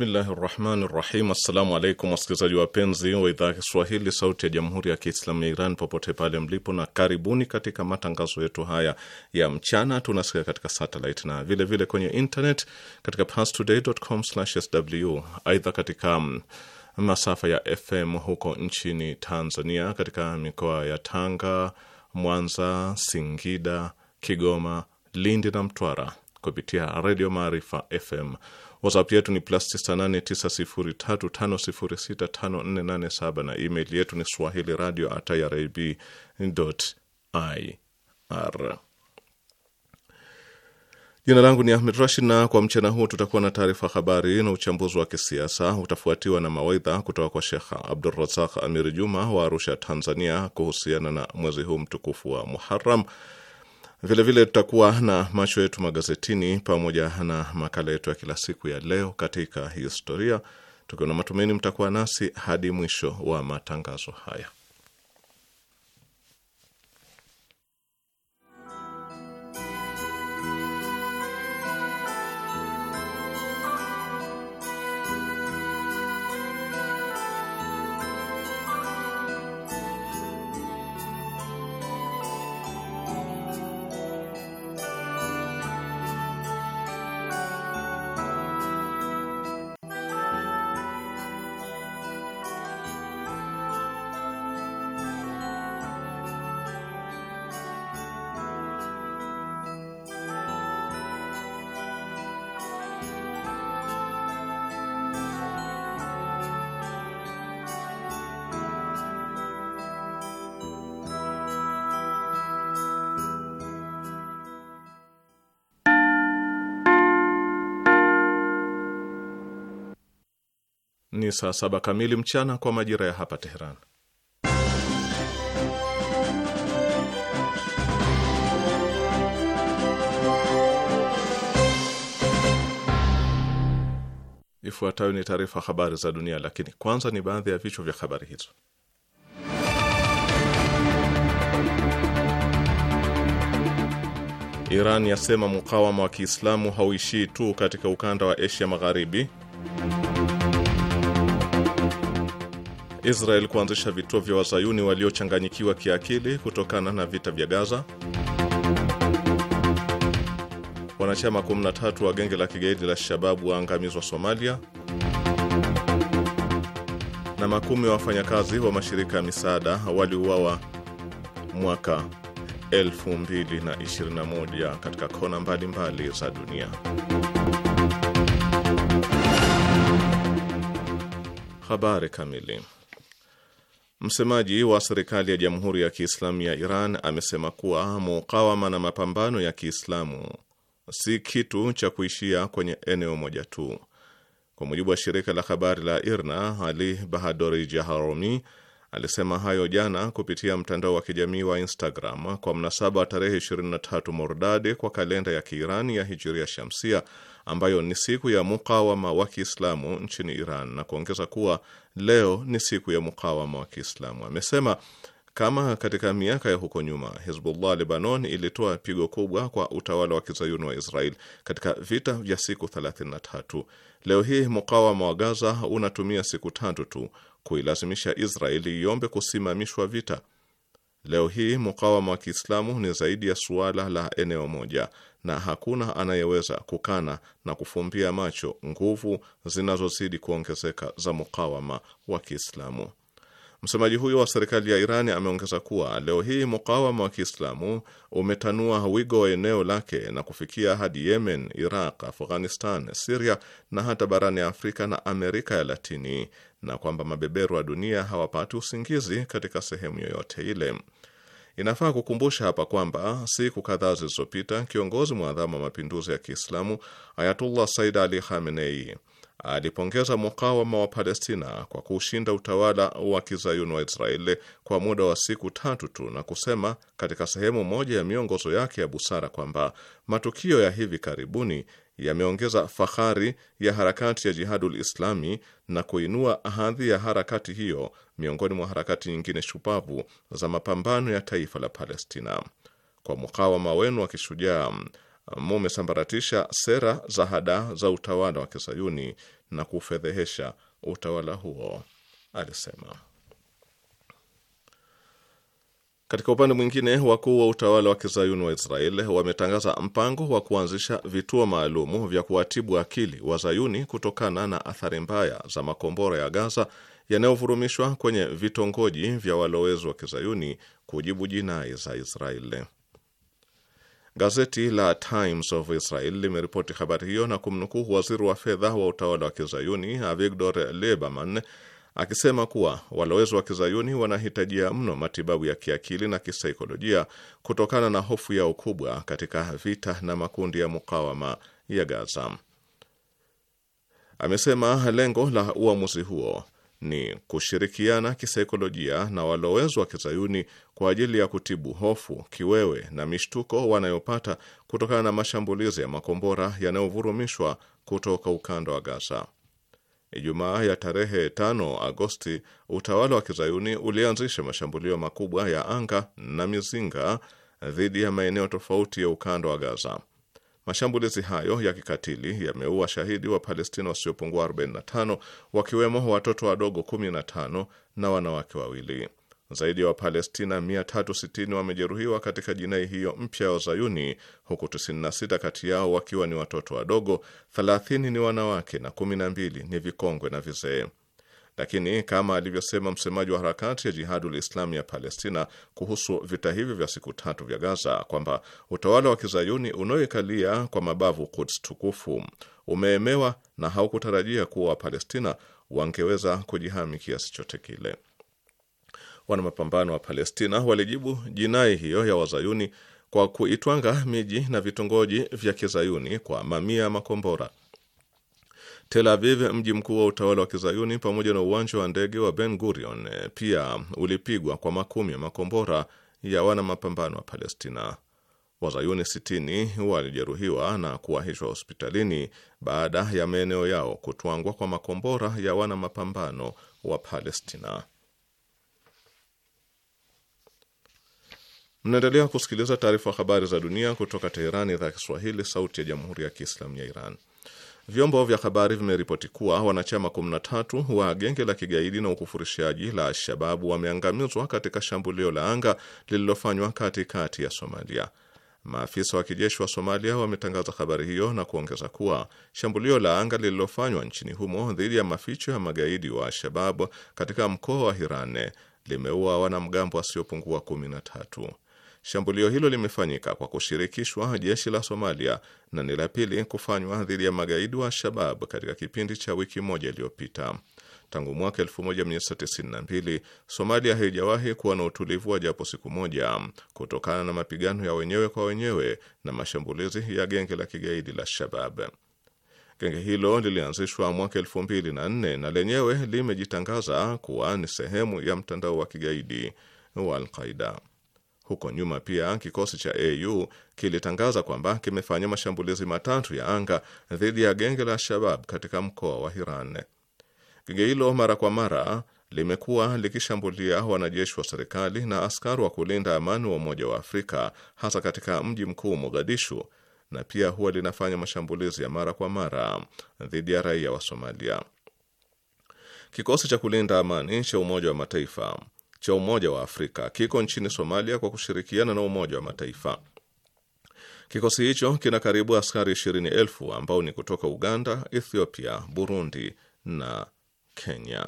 Bismillahi rahmani rahim. Assalamu alaikum wasikilizaji wapenzi wa idhaa ya Kiswahili sauti ya jamhuri ya Kiislamu ya Iran popote pale mlipo, na karibuni katika matangazo yetu haya ya mchana. Tunasikia katika satellite na vilevile vile kwenye internet katika pastodaycom sw Aidha, katika um, masafa ya FM huko nchini Tanzania, katika mikoa ya Tanga, Mwanza, Singida, Kigoma, Lindi na Mtwara kupitia Redio Maarifa FM. WhatsApp yetu ni plus 989035065487 na email yetu ni swahili radio at irib ir. Jina langu ni Ahmed Rashid, na kwa mchana huu tutakuwa na taarifa habari na uchambuzi wa kisiasa, utafuatiwa na mawaidha kutoka kwa Shekh Abdurazak Amiri Juma wa Arusha, Tanzania, kuhusiana na mwezi huu mtukufu wa muharam Vilevile tutakuwa na macho yetu magazetini pamoja na makala yetu ya kila siku ya leo katika historia, tukiwa na matumaini mtakuwa nasi hadi mwisho wa matangazo haya. saa saba kamili mchana kwa majira ya hapa Teheran. Ifuatayo ni taarifa habari za dunia, lakini kwanza ni baadhi ya vichwa vya habari hizo. Iran yasema mukawama wa Kiislamu hauishii tu katika ukanda wa Asia Magharibi Israel kuanzisha vituo vya wazayuni waliochanganyikiwa kiakili kutokana na vita vya Gaza. Wanachama 13 wa genge la kigaidi la Shababu waangamizwa Somalia. Na makumi wa wafanyakazi wa mashirika ya misaada waliuawa mwaka 2021 katika kona mbalimbali mbali za dunia. Habari kamili. Msemaji wa serikali ya Jamhuri ya Kiislamu ya Iran amesema kuwa mukawama na mapambano ya Kiislamu si kitu cha kuishia kwenye eneo moja tu. Kwa mujibu wa shirika la habari la IRNA, Ali Bahadori Jaharomi alisema hayo jana kupitia mtandao wa kijamii wa Instagram kwa mnasaba wa tarehe 23 Mordadi kwa kalenda ya Kiirani ya Hijiria Shamsia ambayo ni siku ya mukawama wa Kiislamu nchini Iran na kuongeza kuwa leo ni siku ya mukawama wa Kiislamu. Amesema kama katika miaka ya huko nyuma Hizbullah Lebanon ilitoa pigo kubwa kwa utawala wa kizayuni wa Israel katika vita vya siku 33, leo hii mukawama wa Gaza unatumia siku tatu tu kuilazimisha israel iombe kusimamishwa vita. Leo hii mukawama wa Kiislamu ni zaidi ya suala la eneo moja, na hakuna anayeweza kukana na kufumbia macho nguvu zinazozidi kuongezeka za mukawama wa Kiislamu. Msemaji huyo wa serikali ya Iran ameongeza kuwa leo hii mukawama wa Kiislamu umetanua wigo wa eneo lake na kufikia hadi Yemen, Iraq, Afghanistan, Siria na hata barani Afrika na Amerika ya Latini, na kwamba mabeberu wa dunia hawapati usingizi katika sehemu yoyote ile. Inafaa kukumbusha hapa kwamba siku kadhaa zilizopita kiongozi mwadhamu wa mapinduzi ya Kiislamu Ayatullah Said Ali Khamenei alipongeza mukawama wa Palestina kwa kuushinda utawala wa kizayuni wa Israeli kwa muda wa siku tatu tu, na kusema katika sehemu moja ya miongozo yake ya busara kwamba matukio ya hivi karibuni yameongeza fahari ya harakati ya Jihadul Islami na kuinua hadhi ya harakati hiyo miongoni mwa harakati nyingine shupavu za mapambano ya taifa la Palestina. Kwa mukawama wenu wa kishujaa, mumesambaratisha sera za hadaa za utawala wa Kisayuni na kufedhehesha utawala huo, alisema. Katika upande mwingine, wakuu wa utawala wa kizayuni wa israel wametangaza mpango wa kuanzisha vituo maalumu vya kuwatibu akili wa zayuni kutokana na athari mbaya za makombora ya Gaza yanayovurumishwa kwenye vitongoji vya walowezi wa kizayuni kujibu jinai za israel Gazeti la Times of Israel limeripoti habari hiyo na kumnukuu waziri wa fedha wa utawala wa kizayuni Avigdor Lieberman akisema kuwa walowezi wa kizayuni wanahitajia mno matibabu ya kiakili na kisaikolojia kutokana na hofu yao kubwa katika vita na makundi ya mukawama ya Gaza. Amesema lengo la uamuzi huo ni kushirikiana kisaikolojia na walowezi wa kizayuni kwa ajili ya kutibu hofu, kiwewe na mishtuko wanayopata kutokana na mashambulizi ya makombora yanayovurumishwa kutoka ukanda wa Gaza. Ijumaa ya tarehe 5 Agosti, utawala wa kizayuni ulianzisha mashambulio makubwa ya anga na mizinga dhidi ya maeneo tofauti ya ukanda wa Gaza. Mashambulizi hayo ya kikatili yameua shahidi wa Palestina wasiopungua 45 wakiwemo watoto wadogo 15 na wanawake wawili. Zaidi ya wa Wapalestina 360 wamejeruhiwa katika jinai hiyo mpya ya Zayuni, huku 96 kati yao wakiwa ni watoto wadogo, 30 ni wanawake na 12 ni vikongwe na vizee. Lakini kama alivyosema msemaji wa harakati ya Jihadul Islami ya Palestina kuhusu vita hivyo vya siku tatu vya Gaza kwamba utawala wa kizayuni unaoikalia kwa mabavu kuts tukufu umeemewa na haukutarajia kuwa Wapalestina wangeweza kujihami kiasi chote kile. Wana mapambano wa Palestina walijibu jinai hiyo ya wazayuni kwa kuitwanga miji na vitongoji vya kizayuni kwa mamia ya makombora. Tel Aviv, mji mkuu wa utawala wa kizayuni, pamoja na uwanja wa ndege wa Ben Gurion pia ulipigwa kwa makumi ya makombora ya wana mapambano wa Palestina. Wazayuni sitini walijeruhiwa na kuwahishwa hospitalini baada ya maeneo yao kutwangwa kwa makombora ya wana mapambano wa Palestina. Mnaendelea kusikiliza taarifa habari za dunia kutoka Teherani, idhaa ya Kiswahili, sauti ya jamhuri ya kiislamu ya Iran. Vyombo vya habari vimeripoti kuwa wanachama 13 wa genge la kigaidi na ukufurishaji la Alshababu wameangamizwa katika shambulio la anga lililofanywa katikati ya Somalia. Maafisa wa kijeshi wa Somalia wametangaza habari hiyo na kuongeza kuwa shambulio la anga lililofanywa nchini humo dhidi ya maficho ya magaidi wa al-shababu katika mkoa wa Hirane limeua wanamgambo wasiopungua 13. Shambulio hilo limefanyika kwa kushirikishwa jeshi la Somalia na ni la pili kufanywa dhidi ya magaidi wa Al-Shabab katika kipindi cha wiki moja iliyopita. Tangu mwaka 1992 Somalia haijawahi kuwa na utulivu wa japo siku moja kutokana na mapigano ya wenyewe kwa wenyewe na mashambulizi ya genge la kigaidi la Shabab. Genge hilo lilianzishwa mwaka 2004 na lenyewe limejitangaza kuwa ni sehemu ya mtandao wa kigaidi wa al huko nyuma pia kikosi cha AU kilitangaza kwamba kimefanya mashambulizi matatu ya anga dhidi ya genge la Shabab katika mkoa wa Hiran. Genge hilo mara kwa mara limekuwa likishambulia wanajeshi wa serikali na askari wa kulinda amani wa Umoja wa Afrika, hasa katika mji mkuu Mogadishu, na pia huwa linafanya mashambulizi ya mara kwa mara dhidi ya raia wa Somalia. Kikosi cha kulinda amani cha Umoja wa Mataifa cha Umoja wa Afrika kiko nchini Somalia kwa kushirikiana na Umoja wa Mataifa. Kikosi hicho kina karibu askari ishirini elfu ambao ni kutoka Uganda, Ethiopia, Burundi na Kenya.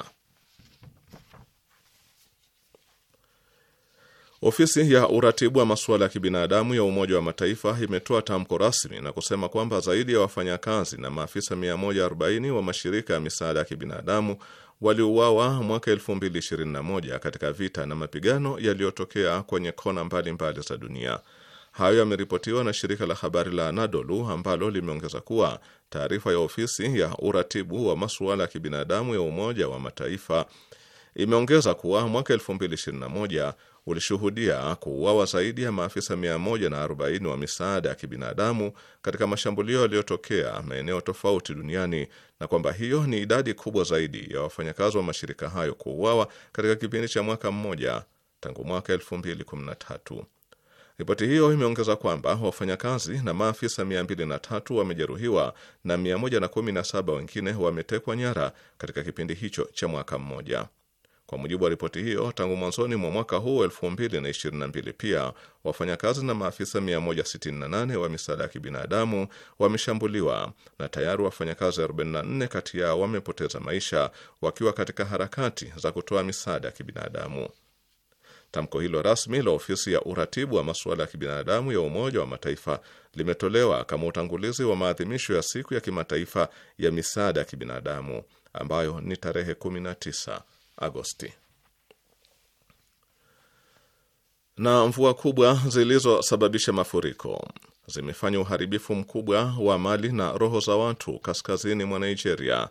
Ofisi ya uratibu wa masuala ya kibinadamu ya Umoja wa Mataifa imetoa tamko rasmi na kusema kwamba zaidi ya wafanyakazi na maafisa 140 wa mashirika ya misaada ya kibinadamu waliuawa mwaka 2021 katika vita na mapigano yaliyotokea kwenye kona mbalimbali za dunia. Hayo yameripotiwa na shirika la habari la Anadolu ambalo limeongeza kuwa taarifa ya ofisi ya uratibu wa masuala ya kibinadamu ya Umoja wa Mataifa imeongeza kuwa mwaka ulishuhudia kuuawa zaidi ya maafisa 140 wa misaada ya kibinadamu katika mashambulio yaliyotokea maeneo tofauti duniani na kwamba hiyo ni idadi kubwa zaidi ya wafanyakazi wa mashirika hayo kuuawa katika kipindi cha mwaka mmoja tangu mwaka 2013. Ripoti hiyo imeongeza kwamba wafanyakazi na maafisa 203 wamejeruhiwa na 117 wengine wametekwa nyara katika kipindi hicho cha mwaka mmoja. Kwa mujibu wa ripoti hiyo, tangu mwanzoni mwa mwaka huu 2022 pia wafanyakazi na maafisa 168 wa misaada ya kibinadamu wameshambuliwa na tayari wafanyakazi 44 kati yao wamepoteza maisha wakiwa katika harakati za kutoa misaada ya kibinadamu. Tamko hilo rasmi la ofisi ya uratibu wa masuala ya kibinadamu ya Umoja wa Mataifa limetolewa kama utangulizi wa maadhimisho ya siku ya kimataifa ya misaada ya kibinadamu ambayo ni tarehe 19 Agosti. Na mvua kubwa zilizosababisha mafuriko zimefanya uharibifu mkubwa wa mali na roho za watu kaskazini mwa Nigeria.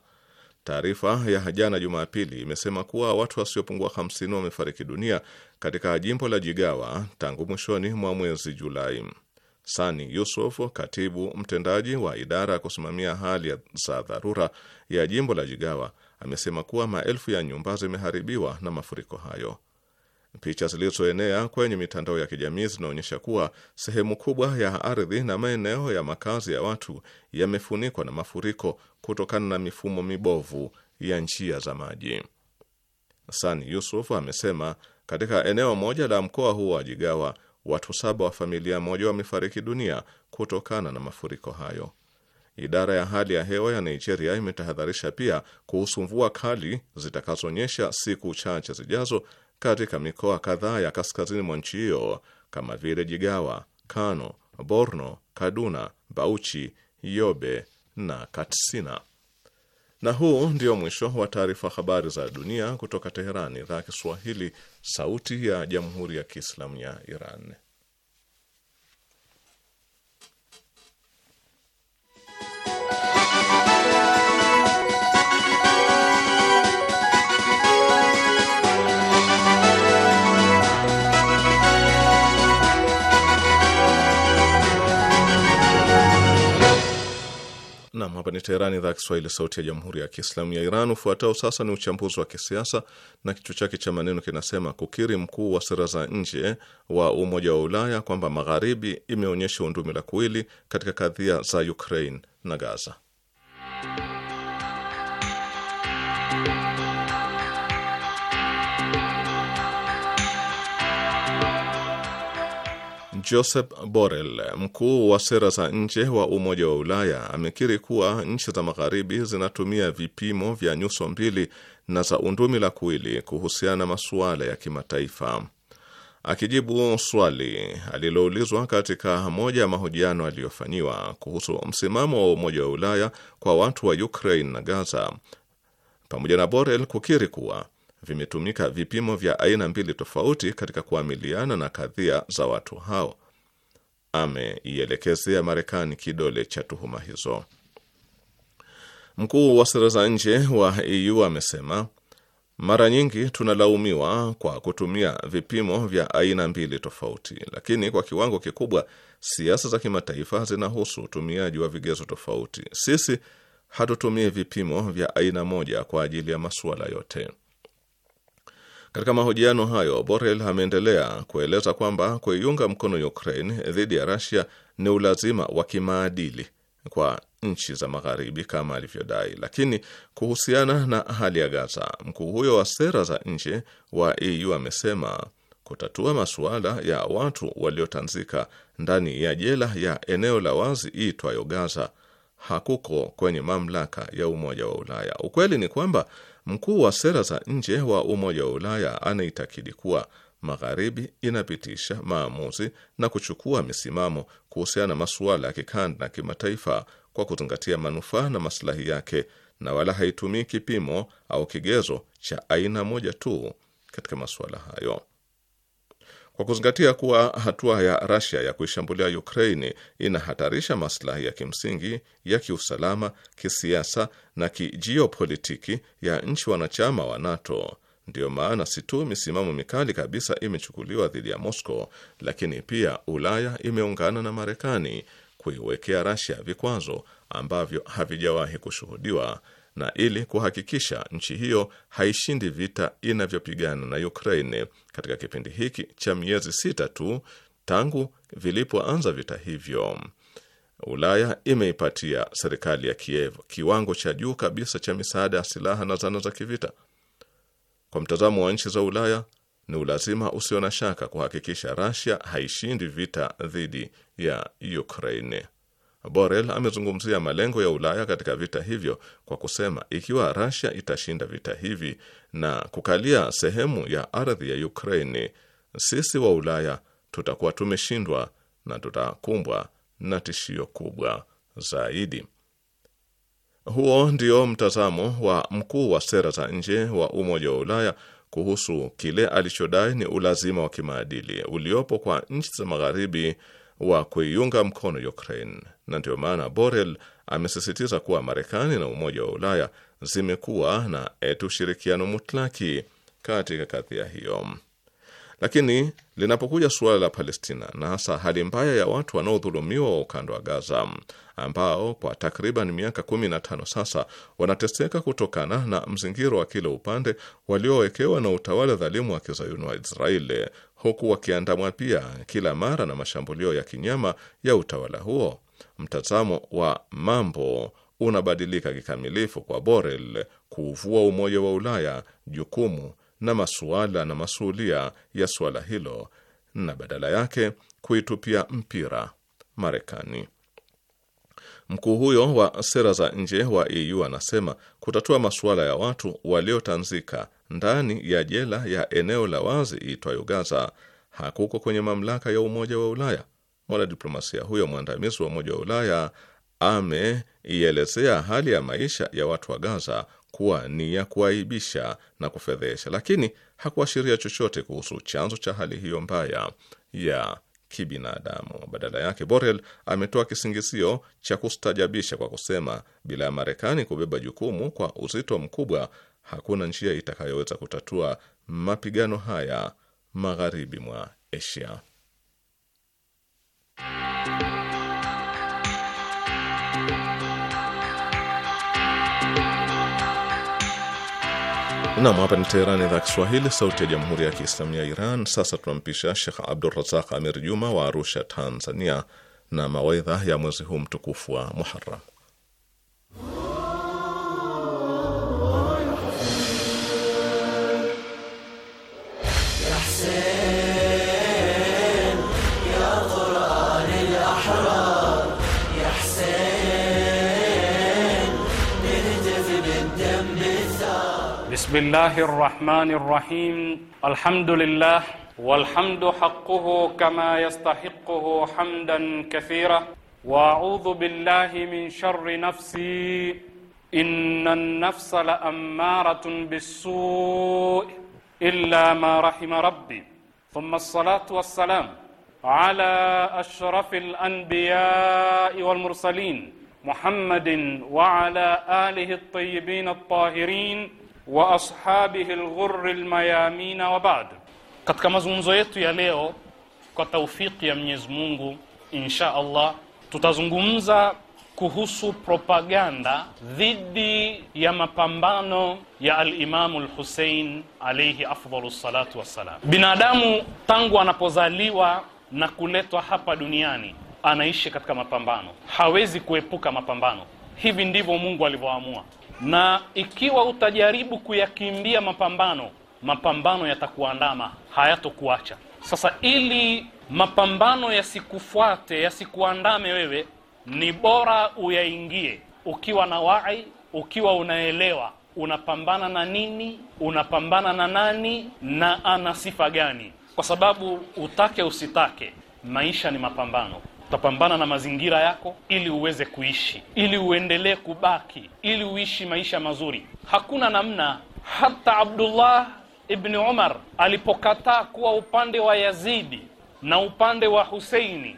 Taarifa ya jana Jumapili imesema kuwa watu wasiopungua 50 wamefariki dunia katika jimbo la Jigawa tangu mwishoni mwa mwezi Julai. Sani Yusuf, katibu mtendaji wa idara ya kusimamia hali za dharura ya jimbo la Jigawa, amesema kuwa maelfu ya nyumba zimeharibiwa na mafuriko hayo. Picha zilizoenea kwenye mitandao ya kijamii zinaonyesha kuwa sehemu kubwa ya ardhi na maeneo ya makazi ya watu yamefunikwa na mafuriko kutokana na mifumo mibovu ya njia za maji. san Yusuf amesema katika eneo moja la mkoa huo wa Jigawa, watu saba wa familia moja wamefariki dunia kutokana na mafuriko hayo. Idara ya hali ya hewa ya Nigeria imetahadharisha pia kuhusu mvua kali zitakazonyesha siku chache zijazo katika mikoa kadhaa ya kaskazini mwa nchi hiyo kama vile Jigawa, Kano, Borno, Kaduna, Bauchi, Yobe na Katsina. Na huu ndio mwisho wa taarifa habari za dunia kutoka Teherani, idhaa ya Kiswahili, sauti ya jamhuri ya kiislamu ya Iran. Nam, hapa ni Teherani, idhaa ya Kiswahili, sauti ya jamhuri ya kiislamu ya Iran. Ufuatao sasa ni uchambuzi wa kisiasa na kichwa chake cha maneno kinasema kukiri mkuu wa sera za nje wa Umoja wa Ulaya kwamba Magharibi imeonyesha undumi la kuwili katika kadhia za Ukraine na Gaza. Josep Borrell, mkuu wa sera za nje wa Umoja wa Ulaya, amekiri kuwa nchi za Magharibi zinatumia vipimo vya nyuso mbili na za undumi la kuili kuhusiana na masuala ya kimataifa. Akijibu swali aliloulizwa katika moja ya mahojiano aliyofanyiwa kuhusu msimamo wa Umoja wa Ulaya kwa watu wa Ukraine na Gaza, pamoja na Borrell kukiri kuwa vimetumika vipimo vya aina mbili tofauti katika kuamiliana na kadhia za watu hao. Ameielekezea Marekani kidole cha tuhuma hizo. Mkuu wa sera za nje wa EU amesema mara nyingi tunalaumiwa kwa kutumia vipimo vya aina mbili tofauti, lakini kwa kiwango kikubwa siasa za kimataifa zinahusu utumiaji wa vigezo tofauti. Sisi hatutumii vipimo vya aina moja kwa ajili ya masuala yote. Katika mahojiano hayo, Borrell ameendelea kueleza kwamba kuiunga mkono Ukraine dhidi ya Russia ni ulazima wa kimaadili kwa nchi za magharibi kama alivyodai. Lakini kuhusiana na hali ya Gaza, mkuu huyo wa sera za nje wa EU amesema kutatua masuala ya watu waliotanzika ndani ya jela ya eneo la wazi iitwayo Gaza hakuko kwenye mamlaka ya Umoja wa Ulaya. Ukweli ni kwamba Mkuu wa sera za nje wa Umoja wa Ulaya anaitakidi kuwa Magharibi inapitisha maamuzi na kuchukua misimamo kuhusiana na masuala ya kikanda na kimataifa kwa kuzingatia manufaa na maslahi yake na wala haitumii kipimo au kigezo cha aina moja tu katika masuala hayo. Kwa kuzingatia kuwa hatua ya Russia ya kuishambulia ukraini inahatarisha maslahi ya kimsingi ya kiusalama, kisiasa na kijiopolitiki ya nchi wanachama wa NATO, ndiyo maana si tu misimamo mikali kabisa imechukuliwa dhidi ya Moscow, lakini pia Ulaya imeungana na Marekani kuiwekea Russia vikwazo ambavyo havijawahi kushuhudiwa na ili kuhakikisha nchi hiyo haishindi vita inavyopigana na Ukraine katika kipindi hiki cha miezi sita tu tangu vilipoanza vita hivyo. Ulaya imeipatia serikali ya Kiev kiwango cha juu kabisa cha misaada ya silaha na zana za kivita. Kwa mtazamo wa nchi za Ulaya, ni ulazima usio na shaka kuhakikisha Russia haishindi vita dhidi ya Ukraine. Borel amezungumzia malengo ya Ulaya katika vita hivyo kwa kusema, ikiwa Russia itashinda vita hivi na kukalia sehemu ya ardhi ya Ukraini, sisi wa Ulaya tutakuwa tumeshindwa na tutakumbwa na tishio kubwa zaidi. Huo ndio mtazamo wa mkuu wa sera za nje wa Umoja wa Ulaya kuhusu kile alichodai ni ulazima wa kimaadili uliopo kwa nchi za Magharibi wa kuiunga mkono Ukraine, na ndio maana Borel amesisitiza kuwa Marekani na Umoja wa Ulaya zimekuwa na etu ushirikiano mutlaki katika kadhia hiyo. Lakini linapokuja suala la Palestina na hasa hali mbaya ya watu wanaodhulumiwa wa ukanda wa Gaza ambao kwa takriban miaka 15 sasa wanateseka kutokana na mzingiro wa kila upande waliowekewa na utawala dhalimu wa kizayuni wa Israeli, huku wakiandamwa pia kila mara na mashambulio ya kinyama ya utawala huo. Mtazamo wa mambo unabadilika kikamilifu kwa Borel kuuvua Umoja wa Ulaya jukumu na masuala na masuulia ya suala hilo na badala yake kuitupia mpira Marekani. Mkuu huyo wa sera za nje wa EU anasema kutatua masuala ya watu waliotanzika ndani ya jela ya eneo la wazi iitwayo Gaza hakuko kwenye mamlaka ya Umoja wa Ulaya. Mwanadiplomasia huyo mwandamizi wa Umoja wa Ulaya ameielezea hali ya maisha ya watu wa Gaza kuwa ni ya kuaibisha na kufedhesha, lakini hakuashiria chochote kuhusu chanzo cha hali hiyo mbaya ya kibinadamu. Badala yake, Borrell ametoa kisingizio cha kustajabisha kwa kusema bila ya Marekani kubeba jukumu kwa uzito mkubwa hakuna njia itakayoweza kutatua mapigano haya magharibi mwa Asia. Nam, hapa ni Teherani, idhaa Kiswahili, sauti ya jamhuri ya kiislamu ya Iran. Sasa tunampisha Shekh Abdurazaq Amir Juma wa Arusha, Tanzania, na mawaidha ya mwezi huu mtukufu wa Muharam. بسم الله الرحمن الرحيم الحمد لله والحمد حقه كما يستحقه حمدا كثيرا واعوذ بالله من شر نفسي ان النفس لاماره بالسوء الا ما رحم ربي ثم الصلاه والسلام على اشرف الانبياء والمرسلين محمد وعلى اله الطيبين الطاهرين wa ashabihi lghurri lmayamina wa baad. Katika mazungumzo yetu ya leo kwa taufiki ya Mwenyezi Mungu insha Allah tutazungumza kuhusu propaganda dhidi ya mapambano ya alimamu Lhusein alaihi afdalu salatu wassalam. Binadamu tangu anapozaliwa na kuletwa hapa duniani anaishi katika mapambano, hawezi kuepuka mapambano. Hivi ndivyo Mungu alivyoamua na ikiwa utajaribu kuyakimbia mapambano, mapambano yatakuandama, hayatokuacha. Sasa ili mapambano yasikufuate, yasikuandame wewe, ni bora uyaingie ukiwa na wai, ukiwa unaelewa unapambana na nini, unapambana na nani na ana sifa gani, kwa sababu utake usitake, maisha ni mapambano utapambana na mazingira yako ili uweze kuishi, ili uendelee kubaki, ili uishi maisha mazuri. Hakuna namna. Hata Abdullah ibni Umar alipokataa kuwa upande wa Yazidi na upande wa Huseini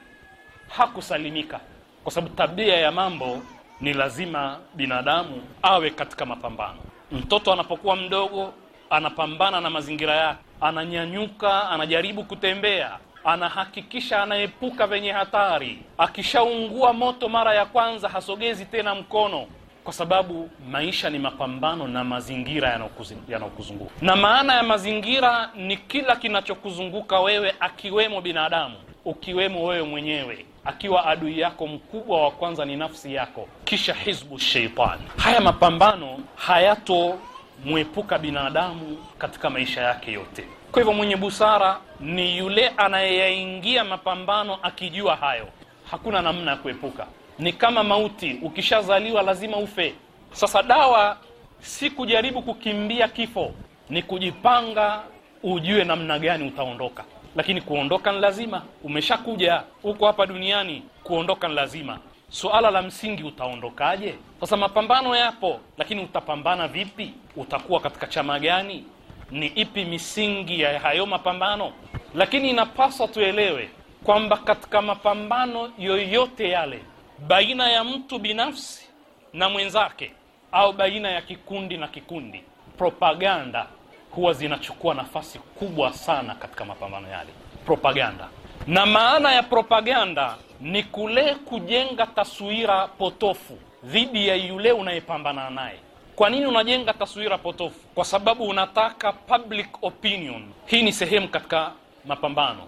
hakusalimika, kwa sababu tabia ya mambo ni lazima binadamu awe katika mapambano. Mtoto anapokuwa mdogo anapambana na mazingira yake, ananyanyuka, anajaribu kutembea anahakikisha anaepuka venye hatari. Akishaungua moto mara ya kwanza hasogezi tena mkono, kwa sababu maisha ni mapambano na mazingira yanayokuzunguka. Na maana ya mazingira ni kila kinachokuzunguka wewe, akiwemo binadamu, ukiwemo wewe mwenyewe, akiwa adui yako mkubwa wa kwanza ni nafsi yako, kisha hizbu sheitani. Haya mapambano hayatomwepuka binadamu katika maisha yake yote. Kwa hivyo mwenye busara ni yule anayeyaingia mapambano akijua hayo, hakuna namna ya kuepuka. Ni kama mauti, ukishazaliwa lazima ufe. Sasa dawa si kujaribu kukimbia kifo, ni kujipanga, ujue namna gani utaondoka. Lakini kuondoka ni lazima, umeshakuja huko hapa duniani, kuondoka ni lazima. Suala la msingi utaondokaje? Sasa mapambano yapo, lakini utapambana vipi? Utakuwa katika chama gani? ni ipi misingi ya hayo mapambano, lakini inapaswa tuelewe kwamba katika mapambano yoyote yale baina ya mtu binafsi na mwenzake au baina ya kikundi na kikundi, propaganda huwa zinachukua nafasi kubwa sana katika mapambano yale. Propaganda na maana ya propaganda ni kule kujenga taswira potofu dhidi ya yule unayepambana naye. Kwa nini unajenga taswira potofu? Kwa sababu unataka public opinion. Hii ni sehemu katika mapambano.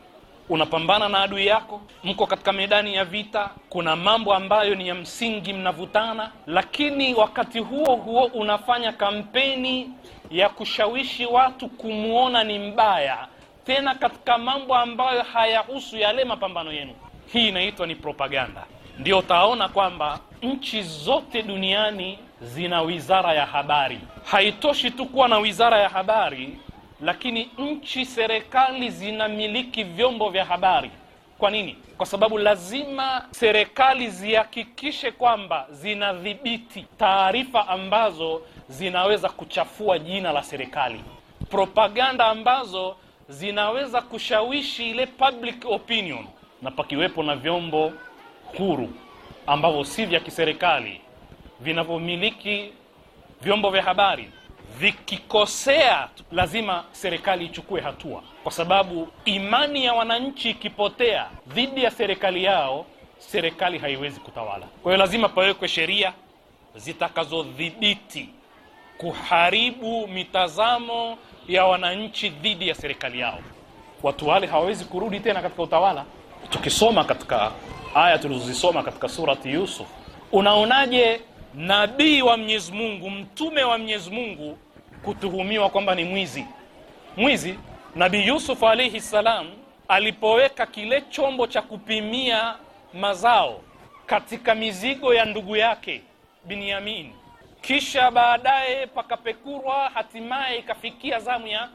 Unapambana na adui yako, mko katika medani ya vita, kuna mambo ambayo ni ya msingi, mnavutana, lakini wakati huo huo unafanya kampeni ya kushawishi watu kumwona ni mbaya, tena katika mambo ambayo hayahusu yale mapambano yenu. Hii inaitwa ni propaganda. Ndio utaona kwamba nchi zote duniani zina wizara ya habari. Haitoshi tu kuwa na wizara ya habari, lakini nchi, serikali zinamiliki vyombo vya habari. Kwa nini? Kwa sababu lazima serikali zihakikishe kwamba zinadhibiti taarifa ambazo zinaweza kuchafua jina la serikali, propaganda ambazo zinaweza kushawishi ile public opinion, na pakiwepo na vyombo huru ambavyo si vya kiserikali vinavyomiliki vyombo vya habari vikikosea, lazima serikali ichukue hatua, kwa sababu imani ya wananchi ikipotea dhidi ya serikali yao, serikali haiwezi kutawala. Kwa hiyo lazima pawekwe sheria zitakazodhibiti kuharibu mitazamo ya wananchi dhidi ya serikali yao. Watu wale hawawezi kurudi tena katika utawala. Tukisoma katika aya tulizozisoma katika surati Yusuf, unaonaje nabii wa Mwenyezi Mungu, mtume wa Mwenyezi Mungu kutuhumiwa kwamba ni mwizi. Mwizi Nabii Yusuf alaihi salam alipoweka kile chombo cha kupimia mazao katika mizigo ya ndugu yake Binyamin, kisha baadaye pakapekurwa, hatimaye ikafikia zamu ya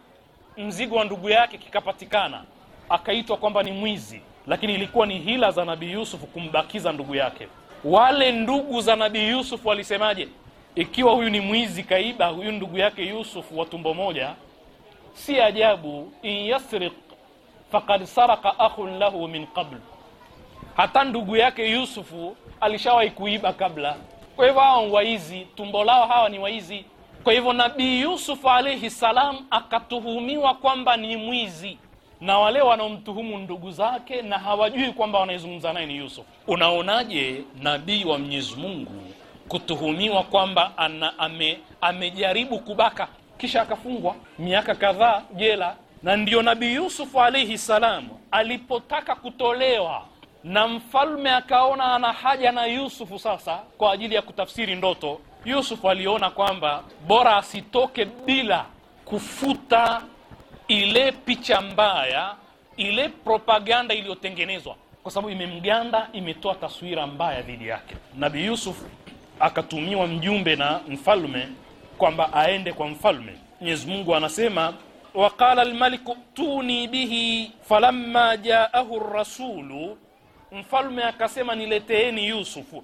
mzigo wa ndugu yake kikapatikana, akaitwa kwamba ni mwizi, lakini ilikuwa ni hila za Nabii Yusuf kumbakiza ndugu yake wale ndugu za nabii Yusuf walisemaje? Ikiwa huyu ni mwizi kaiba, huyu ndugu yake Yusuf wa tumbo moja, si ajabu. in yasriq faqad saraka ahun lahu min qabl, hata ndugu yake Yusufu alishawahi kuiba kabla. Kwa hivyo hawa ni waizi, tumbo lao hawa ni waizi. Kwa hivyo nabii Yusuf alayhi salam akatuhumiwa kwamba ni mwizi na wale wanaomtuhumu ndugu zake na hawajui kwamba wanaezungumza naye ni Yusuf. Unaonaje nabii wa Mwenyezi Mungu kutuhumiwa kwamba ana, ame, amejaribu kubaka kisha akafungwa miaka kadhaa jela? Na ndiyo nabii yusufu alaihi salam alipotaka kutolewa na mfalme akaona ana haja na Yusufu sasa kwa ajili ya kutafsiri ndoto. Yusufu aliona kwamba bora asitoke bila kufuta ile picha mbaya, ile propaganda iliyotengenezwa, kwa sababu imemganda, imetoa taswira mbaya dhidi yake. nabi Yusuf akatumiwa mjumbe na mfalme kwamba aende kwa mfalme. Mwenyezi Mungu anasema waqala almaliku tuni bihi falamma jaahu rasulu, mfalme akasema nileteeni Yusufu.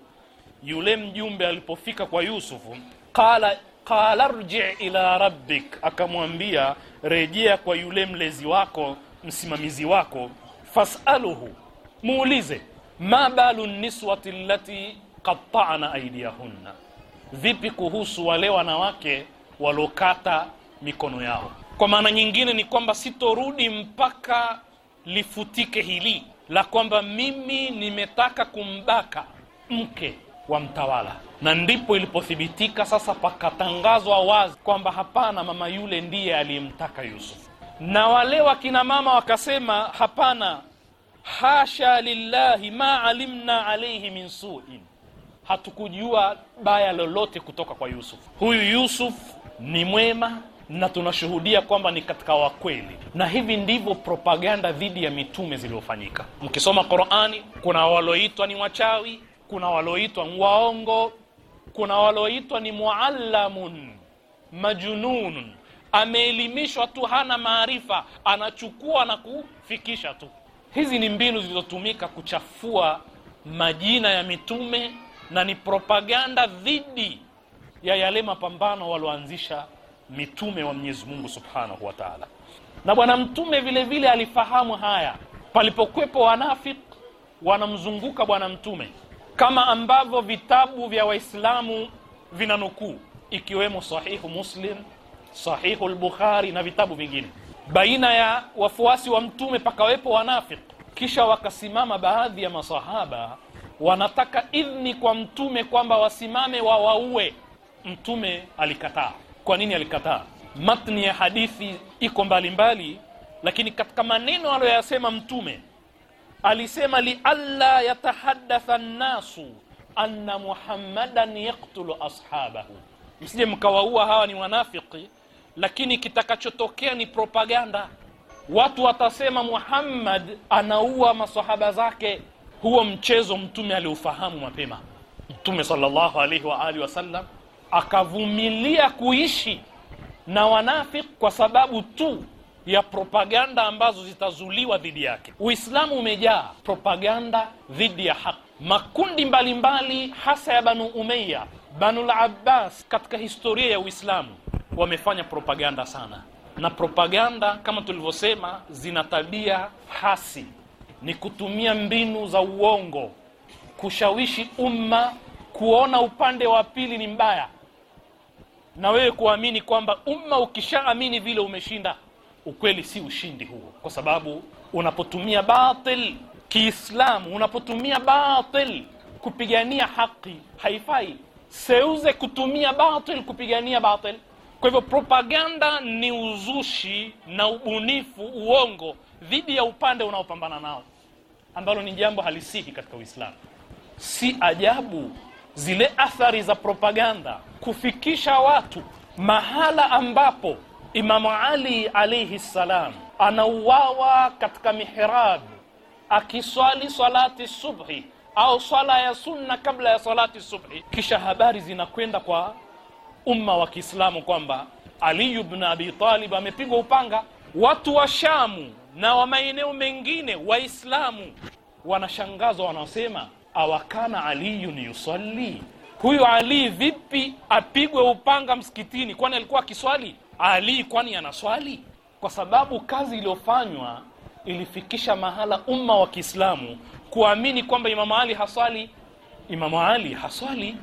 Yule mjumbe alipofika kwa Yusufu, qala qala rji ila rabbik, akamwambia rejea kwa yule mlezi wako msimamizi wako fasaluhu muulize ma balu niswati llati qatana aidiyahunna vipi kuhusu wale wanawake walokata mikono yao kwa maana nyingine ni kwamba sitorudi mpaka lifutike hili la kwamba mimi nimetaka kumbaka mke wa mtawala, na ndipo ilipothibitika sasa, pakatangazwa wazi kwamba hapana, mama yule ndiye aliyemtaka Yusuf. Na wale wakina mama wakasema hapana, hasha lillahi ma alimna alaihi min suin, hatukujua baya lolote kutoka kwa Yusuf. Huyu Yusuf ni mwema na tunashuhudia kwamba ni katika wakweli, na hivi ndivyo propaganda dhidi ya mitume ziliyofanyika. Mkisoma Qurani kuna waloitwa ni wachawi kuna waloitwa waongo, kuna waloitwa ni muallamun majununun, ameelimishwa tu, hana maarifa, anachukua na kufikisha tu. Hizi ni mbinu zilizotumika kuchafua majina ya mitume na ni propaganda dhidi ya yale mapambano walioanzisha mitume wa Mwenyezi Mungu Subhanahu wa Ta'ala. Na bwana mtume vile vile alifahamu haya. Palipokwepo wanafiki wanamzunguka bwana mtume kama ambavyo vitabu vya Waislamu vinanukuu ikiwemo Sahihu Muslim, Sahihu lbukhari na vitabu vingine. Baina ya wafuasi wa Mtume pakawepo wanafiq, kisha wakasimama baadhi ya masahaba wanataka idhni kwa Mtume kwamba wasimame wawaue. Mtume alikataa. Kwa nini alikataa? Matni ya hadithi iko mbalimbali, lakini katika maneno aliyoyasema Mtume alisema lialla yatahadatha nnasu anna muhammadan yaktulu ashabahu msije mkawaua hawa ni wanafiki lakini kitakachotokea ni propaganda watu watasema muhammad anaua masahaba zake huo mchezo mtume aliufahamu mapema mtume salllahu alaihi waalihi wasallam akavumilia kuishi na wanafik kwa sababu tu ya propaganda ambazo zitazuliwa dhidi yake. Uislamu umejaa propaganda dhidi ya haki. Makundi mbalimbali mbali, hasa ya Banu Umeya, Banul Abbas, katika historia ya Uislamu wamefanya propaganda sana, na propaganda kama tulivyosema, zina tabia hasi, ni kutumia mbinu za uongo kushawishi umma kuona upande wa pili ni mbaya, na wewe kuamini kwamba umma ukishaamini vile umeshinda ukweli si ushindi huo, kwa sababu unapotumia batil Kiislamu, unapotumia batil kupigania haki haifai. Seuze kutumia batil kupigania batil. Kwa hivyo propaganda ni uzushi na ubunifu uongo dhidi ya upande unaopambana nao, ambalo ni jambo halisihi katika Uislamu. Si ajabu zile athari za propaganda kufikisha watu mahala ambapo Imamu Ali alayhi salam anauawa katika mihrab akiswali salati subhi au swala ya sunna kabla ya salati subhi. Kisha habari zinakwenda kwa umma wa Kiislamu kwamba Ali ibn Abi Talib amepigwa upanga. Watu wa Shamu na wa maeneo mengine Waislamu wanashangazwa, wanasema awakana aliyun yusalli, huyu Ali vipi apigwe upanga msikitini? Kwani alikuwa akiswali? Ali kwani anaswali? Kwa sababu kazi iliyofanywa ilifikisha mahala umma wa Kiislamu kuamini kwamba Imamu Ali haswali. Imamu Ali haswali,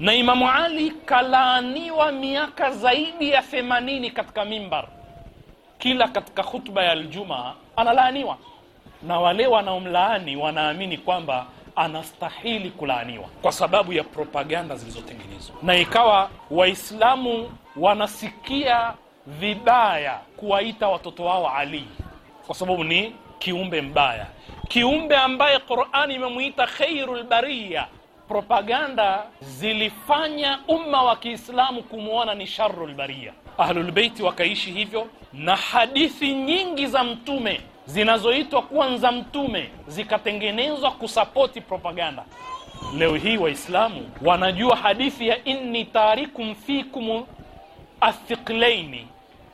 na Imamu Ali kalaaniwa miaka zaidi ya themanini katika mimbar, kila katika khutba ya aljuma analaaniwa, na wale wanaomlaani wanaamini kwamba anastahili kulaaniwa kwa sababu ya propaganda zilizotengenezwa, na ikawa Waislamu wanasikia vibaya kuwaita watoto wao Ali kwa sababu ni kiumbe mbaya, kiumbe ambaye Qur'ani imemwita khairul bariya. Propaganda zilifanya umma wa Kiislamu kumwona ni sharrul bariya. Ahlulbeiti wakaishi hivyo, na hadithi nyingi za Mtume zinazoitwa kwanza Mtume zikatengenezwa kusapoti propaganda. Leo hii Waislamu wanajua hadithi ya inni tarikum fikum athiqlaini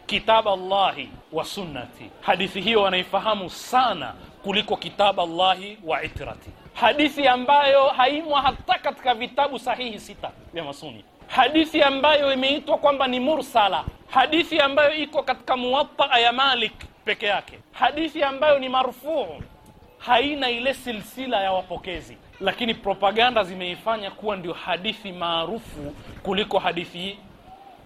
kitab Allahi wa sunnati. Hadithi hiyo wanaifahamu sana kuliko kitab Allahi wa itrati, hadithi ambayo haimwa hata katika vitabu sahihi sita vya masuni, hadithi ambayo imeitwa kwamba ni mursala, hadithi ambayo iko katika muwataa ya Malik peke yake, hadithi ambayo ni marfuu, haina ile silsila ya wapokezi, lakini propaganda zimeifanya kuwa ndio hadithi maarufu kuliko hadithi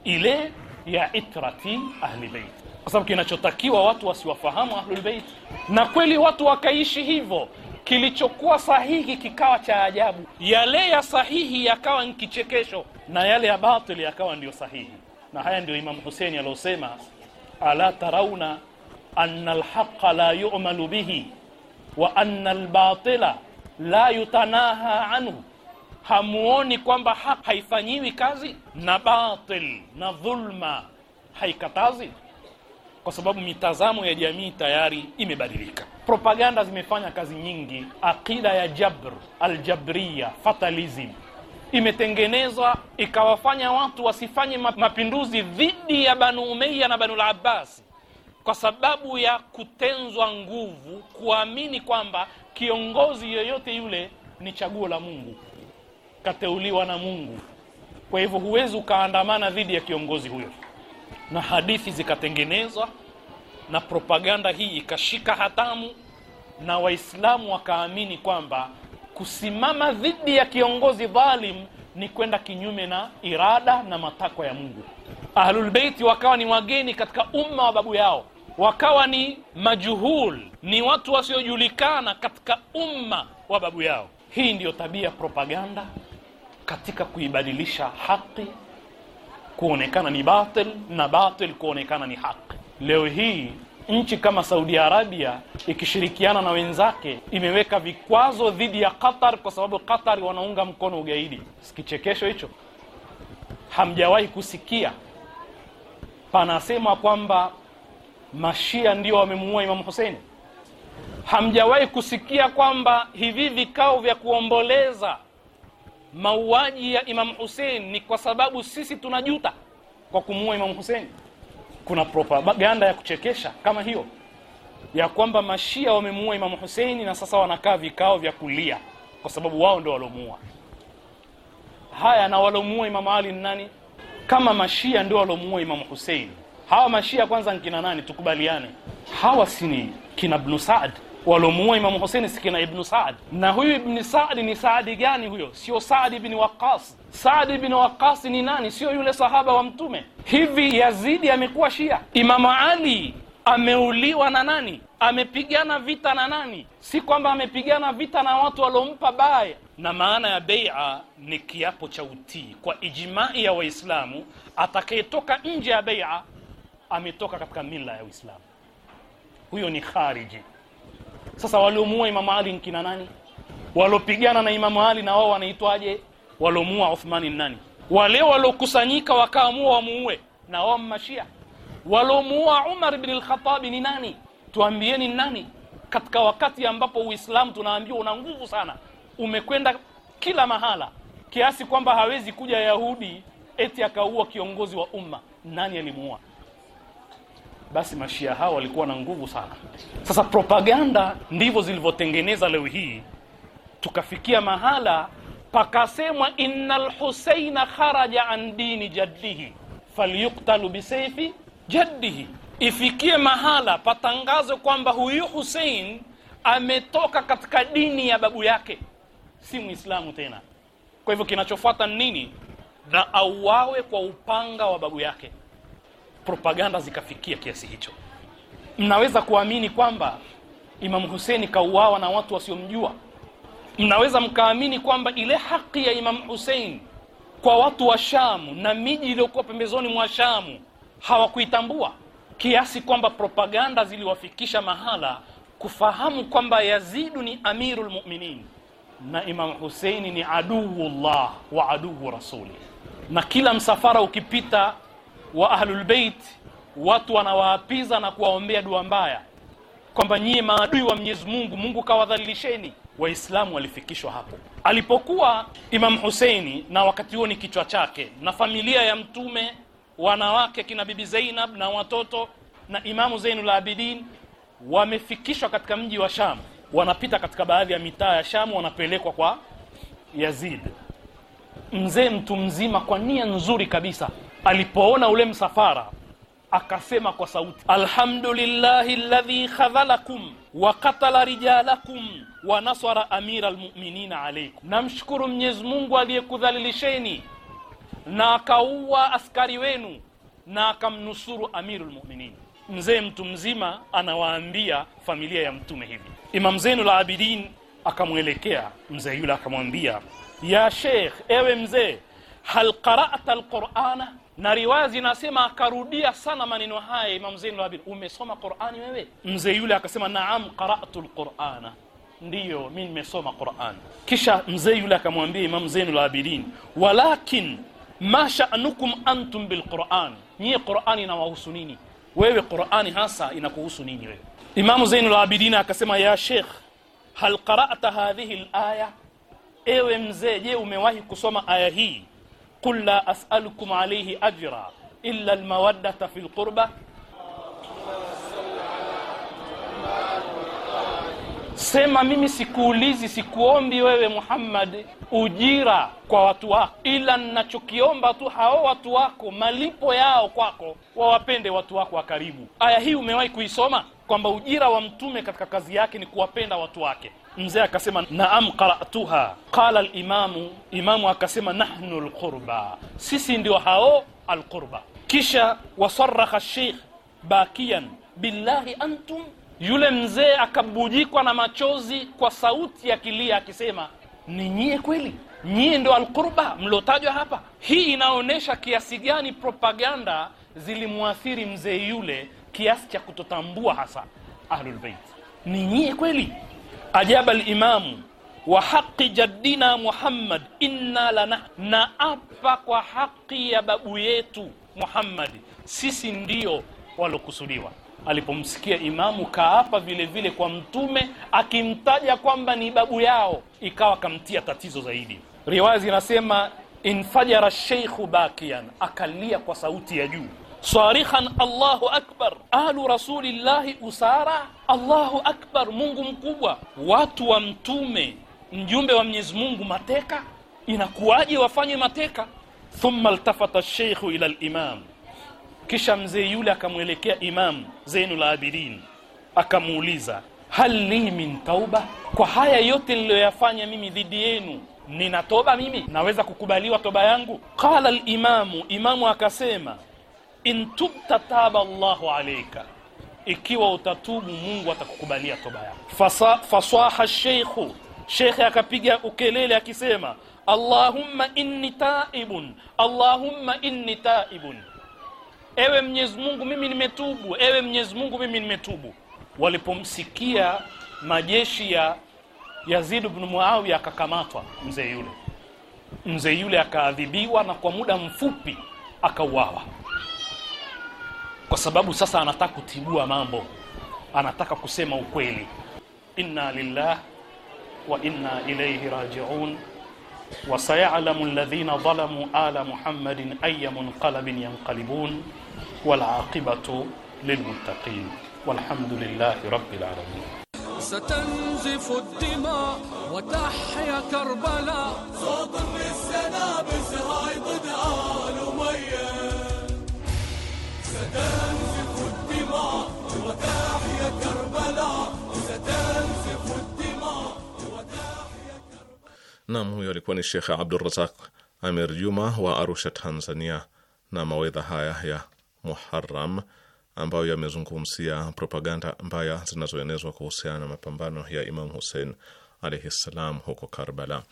ile ya itrati ahli bait, kwa sababu kinachotakiwa watu wasiwafahamu ahlulbeit bait, na kweli watu wakaishi hivyo. Kilichokuwa sahihi kikawa cha ajabu, yale ya sahihi yakawa ni kichekesho, na yale ya batili yakawa ndiyo sahihi. Na haya ndiyo Imam Huseini aliyosema, ala tarauna anna alhaqa la yu'malu bihi wa anna albatila la yutanaha anhu hamuoni kwamba ha haifanyiwi kazi na batil na dhulma haikatazi kwa sababu mitazamo ya jamii tayari imebadilika propaganda zimefanya kazi nyingi aqida ya jabr aljabria fatalism imetengenezwa ikawafanya watu wasifanye mapinduzi dhidi ya banu umeya na banu Labbas kwa sababu ya kutenzwa nguvu kuamini kwamba kiongozi yoyote yule ni chaguo la mungu kateuliwa na Mungu. Kwa hivyo huwezi ukaandamana dhidi ya kiongozi huyo, na hadithi zikatengenezwa na propaganda hii ikashika hatamu, na Waislamu wakaamini kwamba kusimama dhidi ya kiongozi dhalimu ni kwenda kinyume na irada na matakwa ya Mungu. Ahlulbeiti wakawa ni wageni katika umma wa babu yao, wakawa ni majuhul, ni watu wasiojulikana katika umma wa babu yao. Hii ndiyo tabia propaganda katika kuibadilisha haki kuonekana ni batil na batil kuonekana ni haki. Leo hii nchi kama Saudi Arabia ikishirikiana na wenzake imeweka vikwazo dhidi ya Qatar kwa sababu Qatar wanaunga mkono ugaidi. Sikichekesho hicho? Hamjawahi kusikia panasema kwamba mashia ndio wamemuua Imamu husein Hamjawahi kusikia kwamba hivi vikao vya kuomboleza mauaji ya Imam Hussein ni kwa sababu sisi tunajuta kwa kumuua Imam Hussein. Kuna propaganda ya kuchekesha kama hiyo ya kwamba mashia wamemuua Imam Hussein na sasa wanakaa vikao vya kulia kwa sababu wao ndio walomuua. Haya, na walomuua Imam Ali ni nani kama mashia ndio walomuua Imam Hussein? Hawa mashia kwanza nkina nani? Tukubaliane, hawa si ni kina Ibn Saad walomuua Imamu Hussein sikina Ibnu Saad. Na huyu ibnu Saadi ni Saadi gani huyo? Sio Saadi ibni Waqas. Saadi ibni Waqas ni nani? Sio yule sahaba wa Mtume. Hivi Yazidi amekuwa Shia? Imamu Ali ameuliwa na nani? Amepigana vita na nani? Si kwamba amepigana vita na watu waliompa baya. Na maana ya beia ni kiapo cha utii kwa ijmai ya Waislamu. Atakayetoka nje ya beia ametoka katika mila ya Uislamu, huyo ni khariji. Sasa waliomuua Imamu Ali ni kina nani? Walopigana na Imamu Ali na wao wanaitwaje? Waliomuua Uthmani ni nani? Wale waliokusanyika wakaamua wamuue na wao Mashia. Waliomuua Umar ibn lkhatabi ni nani? Tuambieni nani? Katika wakati ambapo Uislamu tunaambiwa una nguvu sana, umekwenda kila mahala, kiasi kwamba hawezi kuja Yahudi eti akaua kiongozi wa umma. Nani alimuua? basi mashia hao walikuwa na nguvu sana. Sasa propaganda ndivyo zilivyotengeneza leo hii tukafikia mahala pakasemwa, innal husaina kharaja an dini jaddihi falyuktalu bisaifi jaddihi, ifikie mahala patangazwe kwamba huyu Husein ametoka katika dini ya babu yake, si mwislamu tena. Kwa hivyo kinachofuata ni nini? Na auawe kwa upanga wa babu yake propaganda zikafikia kiasi hicho mnaweza kuamini kwamba Imam Hussein kauawa na watu wasiomjua mnaweza mkaamini kwamba ile haki ya Imam Hussein kwa watu wa Shamu na miji iliyokuwa pembezoni mwa Shamu hawakuitambua kiasi kwamba propaganda ziliwafikisha mahala kufahamu kwamba Yazidu ni amiru lmuminin na Imam Huseini ni llah wa aduwu rasuli, na kila msafara ukipita wa ahlulbeit watu wanawaapiza na kuwaombea dua mbaya kwamba nyie maadui wa Mwenyezi Mungu, Mungu kawadhalilisheni. Waislamu walifikishwa hapo alipokuwa Imam Huseini, na wakati huo ni kichwa chake na familia ya Mtume, wanawake kina Bibi Zainab na watoto na Imamu Zainul Abidin wamefikishwa katika mji wa Sham, wanapita katika baadhi ya mitaa ya Sham, wanapelekwa kwa Yazid, mzee mtu mzima, kwa nia nzuri kabisa alipoona ule msafara akasema kwa sauti, alhamdulillahi ladhi khadhalakum wa katala rijalakum wa nasara amira lmuminina alaikum, namshukuru Mwenyezi Mungu aliyekudhalilisheni na akaua askari wenu na akamnusuru amiru mu'minin. Mzee mtu mzima anawaambia familia ya mtume hivi. Imam Zainul Abidin akamwelekea mzee yule akamwambia, ya sheikh, ewe mzee, hal qaraata lqurana na riwaya zinasema akarudia sana maneno haya Imam Zainul Abidin, umesoma Qur'ani wewe? Mzee yule akasema naam, qara'tu al-Qur'ana, ndiyo mimi nimesoma Qur'an. Kisha mzee yule akamwambia Imam Zainul Abidin, walakin ma sha'nukum antum bil-Qur'an, nyie Qur'ani inawahusu nini? Wewe Qur'ani hasa inakuhusu nini wewe? Imam Zainul Abidin akasema ya Sheikh, hal qara'ta hadhihi al-aya, ewe mzee, je umewahi kusoma aya hii qul la as'alukum alayhi ajra illa almawaddata fi القربة sema mimi sikuulizi sikuombi wewe Muhammad ujira kwa watu wako, ila ninachokiomba tu hao watu wako malipo yao kwako, wawapende watu wako wa karibu. Aya hii umewahi kuisoma kwamba ujira wa mtume katika kazi yake ni kuwapenda watu wake mzee akasema naam qara'tuha qala limamu imamu akasema nahnu lqurba sisi ndio hao alqurba kisha wasaraha sheikh bakian billahi antum yule mzee akabujikwa na machozi kwa sauti ya kilia akisema ni nyie kweli nyie ndio alqurba mliotajwa hapa hii inaonyesha kiasi gani propaganda zilimwathiri mzee yule kiasi cha kutotambua hasa ahlulbeit ni nyie kweli ajaba limamu wa haqi jaddina Muhammad inna lana, na apa kwa haqi ya babu yetu Muhammad, sisi ndio walokusudiwa. Alipomsikia imamu kaapa vile vile kwa mtume akimtaja kwamba ni babu yao, ikawa kamtia tatizo zaidi. Riwaya zinasema infajara sheikhu bakian, akalia kwa sauti ya juu صارخا الله akbar ahlu rasulillahi usara Allahu akbar Mungu mkubwa watu wa mtume mjumbe wa Mwenyezi Mungu mateka inakuwaje wafanye mateka thumma altafata ash ila limam kisha mzee yule akamwelekea imam Zainul Abidin akamuuliza hal li min tauba kwa haya yote niliyoyafanya mimi dhidi yenu nina toba mimi naweza kukubaliwa toba yangu qala limamu imamu imamu akasema in tubta taba Allahu alayka, ikiwa utatubu Mungu atakukubalia toba yako. Fasaha sheikhu, shekhe akapiga ukelele akisema, Allahumma inni taibun, Allahumma inni taibun, ewe Mwenyezi Mungu mimi nimetubu, ewe Mwenyezi Mungu mimi nimetubu. Walipomsikia majeshi ya Yazid bnu Muawiya akakamatwa mzee yule, mzee yule akaadhibiwa na kwa muda mfupi akauawa kwa sababu sasa anataka kutibua mambo, anataka kusema ukweli. Inna lillah wa inna ilayhi rajiun wa sayalamu alladhina dhalamu ala muhammadin ayya munqalabin yanqalibun wal aqibatu lilmuttaqin walhamdulillahi rabbil alamin satanzifu ad-dima wa tahya karbala Nam, huyo alikuwa ni shekhe Abdurazak Amir Juma wa Arusha, Tanzania, na mawedha haya ya muharam ambayo yamezungumzia propaganda mbaya zinazoenezwa kuhusiana na mapambano ya Imam Husein alaihi ssalam huko Karbala.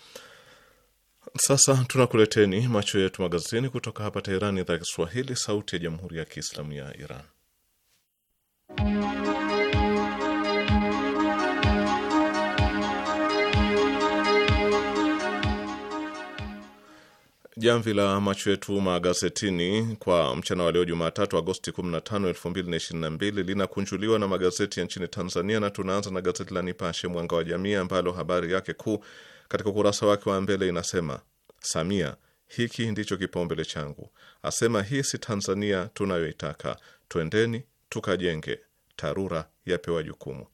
Sasa tunakuleteni macho yetu magazini kutoka hapa Teherani, idhaa ya Kiswahili, sauti ya jamhuri ya kiislamu ya Iran. jamvi la macho yetu magazetini kwa mchana wa leo Jumatatu, Agosti 15, 2022 linakunjuliwa na magazeti ya nchini Tanzania, na tunaanza na gazeti la Nipashe Mwanga wa Jamii ambalo habari yake kuu katika ukurasa wake wa mbele inasema Samia, hiki ndicho kipaumbele changu, asema hii si Tanzania tunayoitaka, twendeni tukajenge, TARURA yapewa jukumu.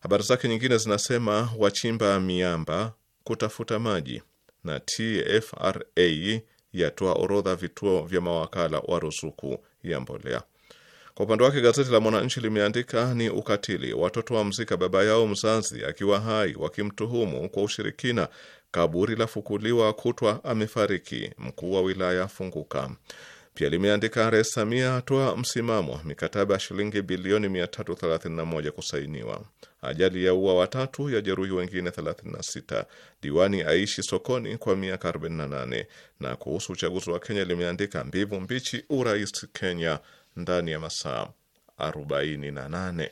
Habari zake nyingine zinasema wachimba miamba kutafuta maji na TFRA yatoa orodha vituo vya mawakala wa ruzuku ya mbolea. Kwa upande wake gazeti la Mwananchi limeandika ni ukatili, watoto wamzika baba yao mzazi akiwa hai, wakimtuhumu kwa ushirikina. Kaburi la fukuliwa kutwa amefariki, mkuu wa wilaya funguka Pia limeandika Rais Samia atoa msimamo, mikataba ya shilingi bilioni 331 kusainiwa. Ajali ya ua watatu ya jeruhi wengine 36. Diwani aishi sokoni kwa miaka 48. Na kuhusu uchaguzi wa Kenya limeandika mbivu mbichi, urais Kenya ndani ya masaa 48.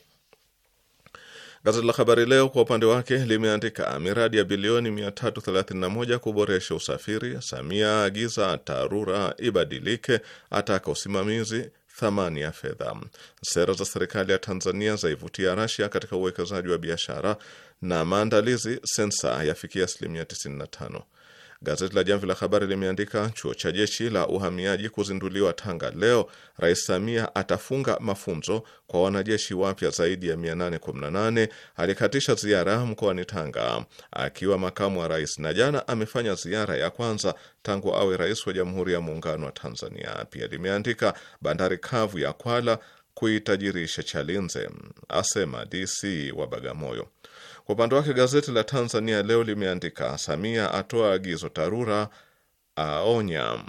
Gazeti la Habari Leo kwa upande wake limeandika miradi ya bilioni 331 kuboresha usafiri. Samia agiza TARURA ibadilike, ataka usimamizi thamani ya fedha. Sera za serikali ya Tanzania zaivutia Rasia katika uwekezaji wa biashara na maandalizi sensa yafikia asilimia 95. Gazeti la Jamvi la Habari limeandika chuo cha jeshi la uhamiaji kuzinduliwa Tanga leo. Rais Samia atafunga mafunzo kwa wanajeshi wapya zaidi ya 818. Alikatisha ziara mkoani Tanga akiwa makamu wa rais, na jana amefanya ziara ya kwanza tangu awe rais wa Jamhuri ya Muungano wa Tanzania. Pia limeandika bandari kavu ya Kwala kuitajirisha Chalinze, asema DC wa Bagamoyo. Kwa upande wake gazeti la Tanzania Leo limeandika Samia atoa agizo TARURA aonya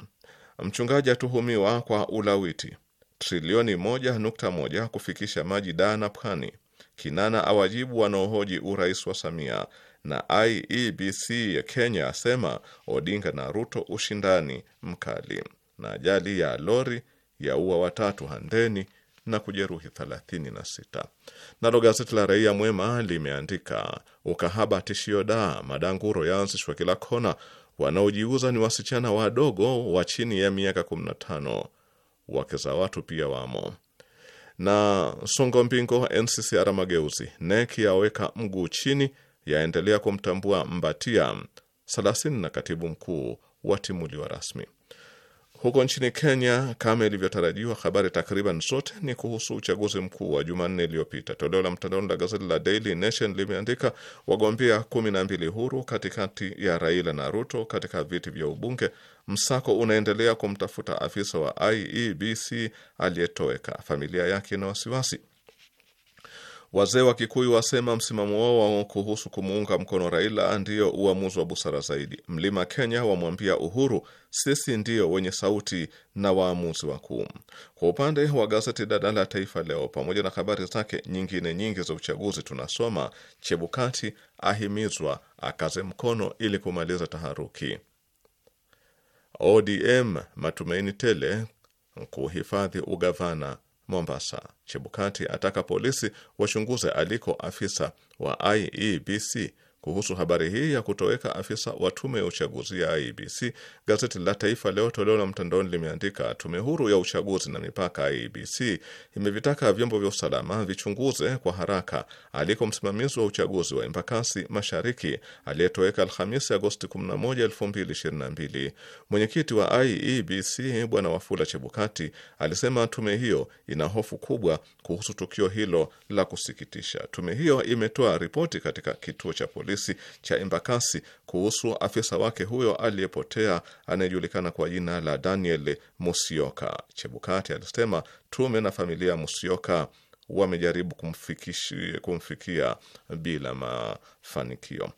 mchungaji atuhumiwa kwa ulawiti, trilioni moja nukta moja kufikisha maji Daa na Pwani. Kinana awajibu wanaohoji urais wa Samia na IEBC ya Kenya asema Odinga na Ruto ushindani mkali, na ajali ya lori ya ua watatu Handeni na kujeruhi 36. Nalo gazeti la Raia Mwema limeandika ukahaba tishio da, madanguro yaanzishwa kila kona, wanaojiuza ni wasichana wadogo wa chini ya miaka 15, wake za watu pia wamo na songo mbingo wa NCCR Mageuzi, neki yaweka mguu chini, yaendelea kumtambua Mbatia. 30 na katibu mkuu watimuliwa rasmi. Huko nchini Kenya, kama ilivyotarajiwa, habari takriban zote ni kuhusu uchaguzi mkuu wa Jumanne iliyopita. Toleo la mtandaoni la gazeti la Daily Nation limeandika wagombea kumi na mbili huru katikati ya Raila na Ruto katika viti vya ubunge. Msako unaendelea kumtafuta afisa wa IEBC aliyetoweka. Familia yake ina wasiwasi. Wazee wa Kikuyu wasema msimamo wao wa kuhusu kumuunga mkono Raila ndiyo uamuzi wa busara zaidi. Mlima Kenya wamwambia Uhuru, sisi ndiyo wenye sauti na waamuzi wakuu. Kwa upande wa gazeti dada la Taifa Leo, pamoja na habari zake nyingine nyingi za uchaguzi, tunasoma Chebukati ahimizwa akaze mkono ili kumaliza taharuki. ODM matumaini tele kuhifadhi ugavana Mombasa. Chebukati ataka polisi wachunguze aliko afisa wa IEBC kuhusu habari hii ya kutoweka afisa wa tume ya uchaguzi ya IEBC, gazeti la Taifa Leo toleo la mtandaoni limeandika, tume huru ya uchaguzi na mipaka IEBC imevitaka vyombo vya usalama vichunguze kwa haraka aliko msimamizi wa uchaguzi wa Embakasi Mashariki aliyetoweka Alhamisi, Agosti 11, 2022. Mwenyekiti wa IEBC Bwana Wafula Chebukati alisema tume hiyo ina hofu kubwa kuhusu tukio hilo la kusikitisha. Tume hiyo imetoa ripoti katika kituo cha polisi polisi cha Embakasi kuhusu afisa wake huyo aliyepotea anayejulikana kwa jina la Daniel Musioka. Chebukati alisema tume na familia ya Musioka wamejaribu kumfikia bila mafanikio.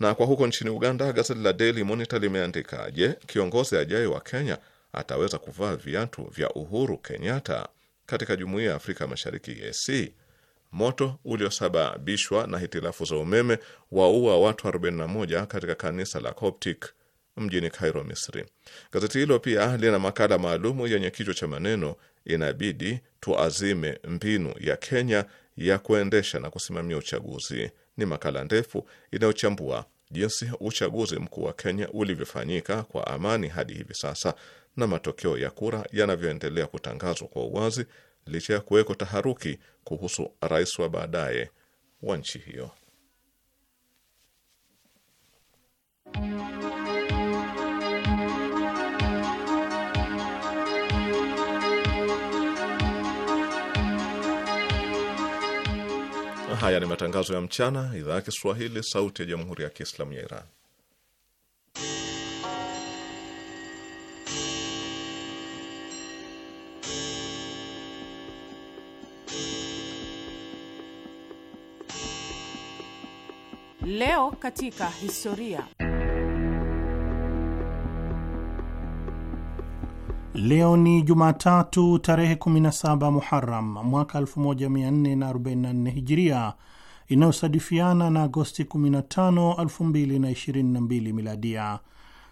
Na kwa huko nchini Uganda, gazeti la Daily Monitor limeandika, je, kiongozi ajaye wa Kenya ataweza kuvaa viatu vya Uhuru Kenyatta katika jumuiya ya Afrika Mashariki EAC? Moto uliosababishwa na hitilafu za umeme waua watu 41 katika kanisa la Coptic mjini Cairo, Misri. Gazeti hilo pia lina makala maalumu yenye kichwa cha maneno inabidi tuazime mbinu ya Kenya ya kuendesha na kusimamia uchaguzi. Ni makala ndefu inayochambua jinsi uchaguzi mkuu wa Kenya ulivyofanyika kwa amani hadi hivi sasa na matokeo ya kura yanavyoendelea kutangazwa kwa uwazi licha ya kuwekwa taharuki kuhusu rais wa baadaye wa nchi hiyo. Haya ni matangazo ya mchana, idhaa ya Kiswahili, sauti ya jamhuri ya kiislamu ya Iran. Leo katika historia. Leo ni Jumatatu tarehe 17 muharam mwaka 1444 Hijiria inayosadifiana na Agosti 15, 2022 Miladia.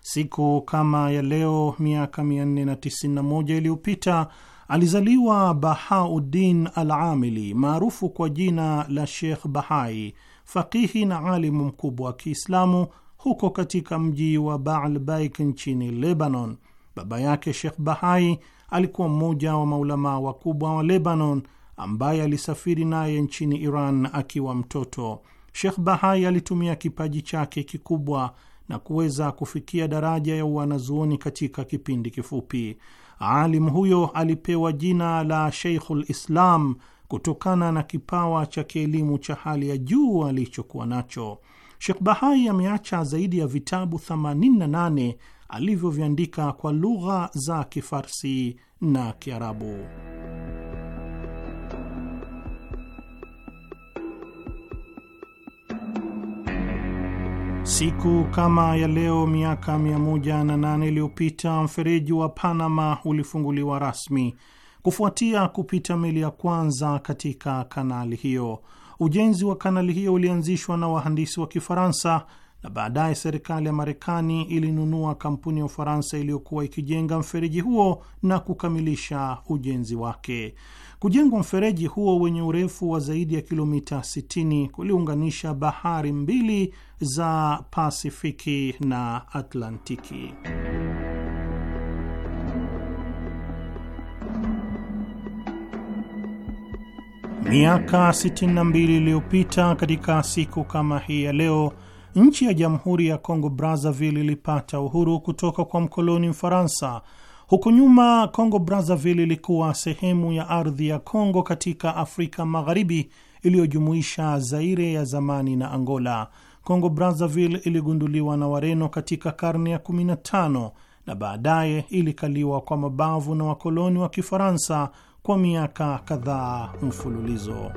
Siku kama ya leo miaka 491 iliyopita alizaliwa Bahauddin al Amili maarufu kwa jina la Sheikh Bahai fakihi na alimu mkubwa wa Kiislamu huko katika mji wa Baalbaik nchini Lebanon. Baba yake Sheikh Bahai alikuwa mmoja wa maulamaa wakubwa wa Lebanon ambaye alisafiri naye nchini Iran akiwa mtoto. Sheikh Bahai alitumia kipaji chake kikubwa na kuweza kufikia daraja ya uanazuoni katika kipindi kifupi. Alimu huyo alipewa jina la Sheikhul Islam kutokana na kipawa cha kielimu cha hali ya juu alichokuwa nacho. Sheikh Bahai ameacha zaidi ya vitabu 88 alivyoviandika kwa lugha za Kifarsi na Kiarabu. Siku kama ya leo miaka 108 iliyopita mfereji wa Panama ulifunguliwa rasmi kufuatia kupita meli ya kwanza katika kanali hiyo. Ujenzi wa kanali hiyo ulianzishwa na wahandisi wa Kifaransa na baadaye serikali ya Marekani ilinunua kampuni ya Ufaransa iliyokuwa ikijenga mfereji huo na kukamilisha ujenzi wake. Kujengwa mfereji huo wenye urefu wa zaidi ya kilomita 60 kuliunganisha bahari mbili za Pasifiki na Atlantiki. Miaka 62 iliyopita katika siku kama hii ya leo, nchi ya Jamhuri ya Kongo Brazzaville ilipata uhuru kutoka kwa mkoloni Mfaransa. Huko nyuma, Kongo Brazzaville ilikuwa sehemu ya ardhi ya Kongo katika Afrika Magharibi iliyojumuisha Zaire ya zamani na Angola. Kongo Brazzaville iligunduliwa na Wareno katika karne ya 15 na baadaye ilikaliwa kwa mabavu na wakoloni wa Kifaransa kwa miaka kadhaa mfululizo.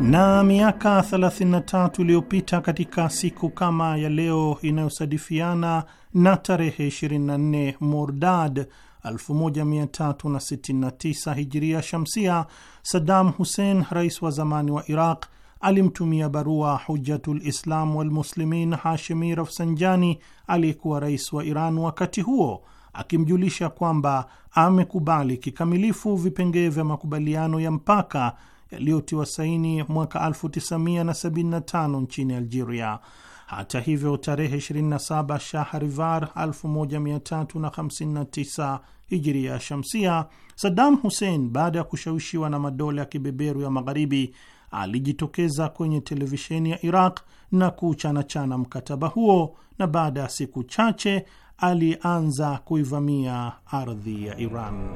Na miaka 33 iliyopita katika siku kama ya leo inayosadifiana na tarehe 24 Mordad 1369 Hijria Shamsia, Saddam Hussein, rais wa zamani wa Iraq alimtumia barua Hujatul lislam Walmuslimin Hashimi Rafsanjani aliyekuwa rais wa Iran wakati huo akimjulisha kwamba amekubali kikamilifu vipengee vya makubaliano ya mpaka yaliyotiwa saini mwaka 1975 nchini Algeria. Hata hivyo, tarehe 27 Shahrivar 1359 Hijiria Shamsia, Saddam Hussein baada ya kushawishiwa na madola ya kibeberu ya Magharibi alijitokeza kwenye televisheni ya Iraq na kuchanachana mkataba huo, na baada ya siku chache alianza kuivamia ardhi ya Iran.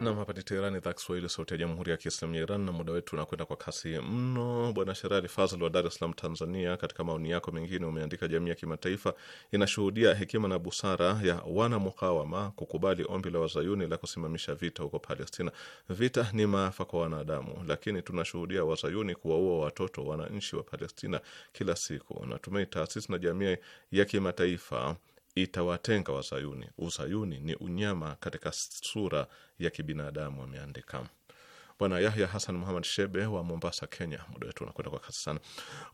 Nam, hapa ni Teherani, idhaa Kiswahili, sauti ya jamhuri ya kiislamu ya Iran. Na muda wetu unakwenda kwa kasi mno. Bwana Sherali Fazl wa Dar es Salaam, Tanzania, katika maoni yako mengine umeandika, jamii ya kimataifa inashuhudia hekima na busara ya wana mukawama kukubali ombi la wazayuni la kusimamisha vita huko Palestina. Vita ni maafa kwa wanadamu, lakini tunashuhudia wazayuni kuwaua watoto wananchi wa Palestina kila siku. Natumai taasisi na jamii ya kimataifa itawatenga Wazayuni. Uzayuni ni unyama katika sura ya kibinadamu, ameandika Bwana Yahya Hasan Muhamad Shebe wa Mombasa, Kenya. Muda wetu unakwenda kwa kasi sana.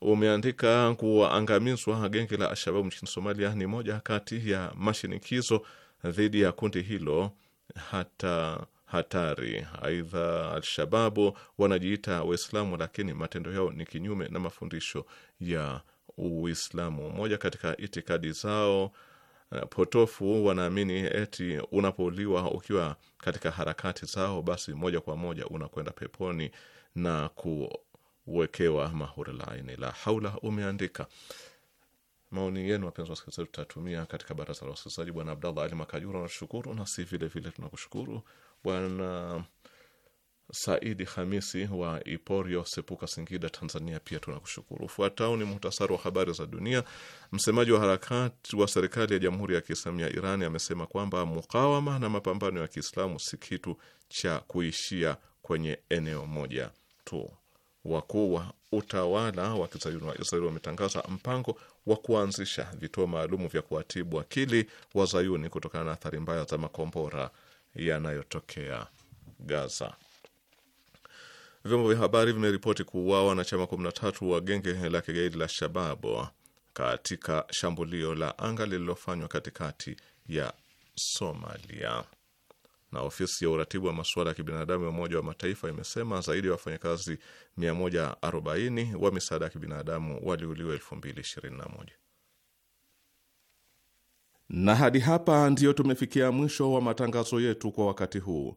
Umeandika kuangamizwa genge la Alshababu nchini Somalia ni moja kati ya mashinikizo dhidi ya kundi hilo hata hatari. Aidha, Alshababu wanajiita Waislamu, lakini matendo yao ni kinyume na mafundisho ya Uislamu. Moja katika itikadi zao Eh, potofu wanaamini eti unapouliwa ukiwa katika harakati zao, basi moja kwa moja unakwenda peponi na kuwekewa mahuri laini. La haula. Umeandika maoni yenu, wapenzi wasikilizaji, tutatumia katika baraza la wasikilizaji. Bwana Abdallah Ali Makajura, nashukuru. Nasi vilevile tunakushukuru bwana Saidi Hamisi wa Iporio, Sepuka, Singida, Tanzania, pia tunakushukuru. Ufuatao ni muhtasari wa habari za dunia. Msemaji wa harakati wa serikali ya Jamhuri ya Kiislamu ya Iran amesema kwamba mukawama na mapambano ya Kiislamu si kitu cha kuishia kwenye eneo moja tu. Wakuu wa utawala wa kizayuni wa Israeli wametangaza mpango wa kuanzisha vituo maalumu vya kuwatibu akili wa zayuni kutokana na athari mbaya za makombora yanayotokea Gaza. Vyombo vya habari vimeripoti kuuawa wanachama 13 wa genge la kigaidi la Shababu katika shambulio la anga lililofanywa katikati ya Somalia. Na ofisi ya uratibu wa masuala ya kibinadamu ya Umoja wa Mataifa imesema zaidi ya wafanyakazi 140 wa misaada ya kibinadamu waliuliwa 2021. Na hadi hapa ndiyo tumefikia mwisho wa matangazo yetu kwa wakati huu.